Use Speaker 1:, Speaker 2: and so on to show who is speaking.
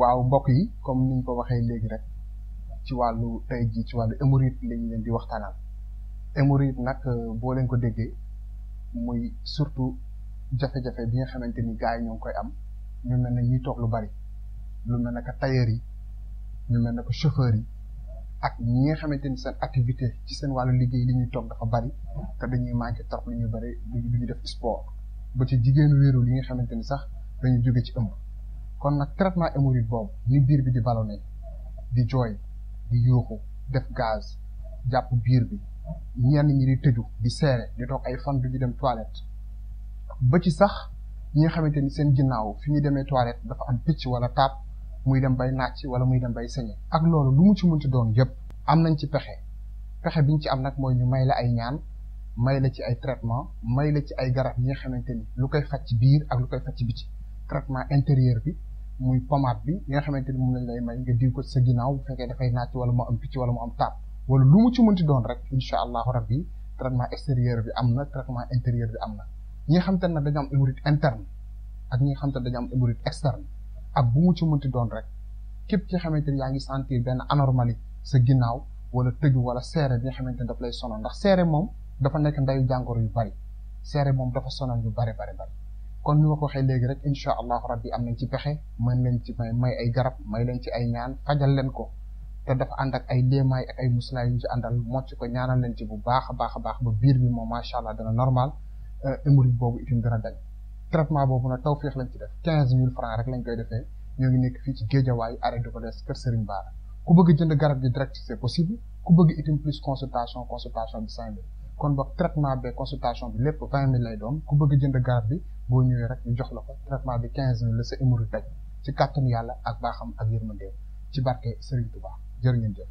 Speaker 1: waaw mbokk yi comme niñ ko waxee léegi rek ci wàllu tey jii ci wàllu hémorroïde lañ leen di waxtaanal hémorroïde nag euh, boo leen ko déggee muy surtout jafe-jafe bi nga xamante ni gars yi ñoo ngi koy am ñu mel na ñiy toog lu bari lu mel ne que tailleur yi ñu mel ne que chauffeur yi ak ñi nga xamante ni seen activité ci seen wàllu liggéey li ñuy toog dafa bari te dañuy manqué trop li bari du ñu def sport ba ci jigéenu wéeru yi nga xamante ni sax dañu jóge ci ëmb. kon nak traitement hémorroïde bob ni bir bi di ballonné di joy di yoko def gaz japp bir bi ñen ñi di tëju di séré di tok ay fan du toilet, dem toilette ba ci sax ñi xamanteni seen ginnaw fi ñu démé toilette dafa am pitch wala tap muy dem bay nacc wala muy dem bay sañe ak lolu lu mu ci munti doon yépp am nañ ci pexé pexé biñ ci am nak moy ñu may la ay ñaan may la ci ay traitement may la ci ay garab ñi xamanteni lu koy faj ci biir ak lu koy ci traitement intérieur bi muy pommade bi li nga xamante ni moom lañ lay may nga diw ko sa ginnaaw bu fekkee dafay naaj wala mu am picc wala mu am taab wala lu mu ci mënti doon rek incha allahu rabbi traitement bi am na traitement intérieur bi am na ñi nga xamante ne dañu am hémorroïde interne ak ñi nga xamante ne am hémorroïde externe ak bu mu ci mënti doon rek képp ci nga xamante ni yaa ngi sentir benn anormalie sa ginnaaw wala tëju wala seere bi nga xamante ni daf lay sonal ndax seere moom dafa nekk ndayu jàngoro yu bari seere moom dafa sonal yu bari bari bari kon ni ma ko waxee léegi rek incha allahu rabbi am nañ ci pexe mën leen ci may may ay garab may leen ci ay ñaan fajal leen ko te dafa ànd ak ay léemaay ak ay muslaa yu ñu ci àndal mocc ko ñaanal leen ci bu baax a baax a baax ba biir bi moom macha allah dana normal euh, hémorroïde boobu itam dana dañ traitement boobu nag tawféex lañ ci def quinze mille francs rek lañ koy defee ñoo ngi nekk fii ci géejawaay arrêt de Valdez kër Serigne Bara ku bëgg jënd garab gi direct c'est possible ku bëgg itam plus consultation consultation bi cinq kon bok traitement be consultation bi lépp vingt mille lay doon ku bëgg jënd garab bi boo ñëwee rek ñu jox la ko traitement bi quinze mille la sa émuru ci kàttanu yàlla ak baaxam ak yërmandeem ci barke Serigne Touba jërë ngeen jëf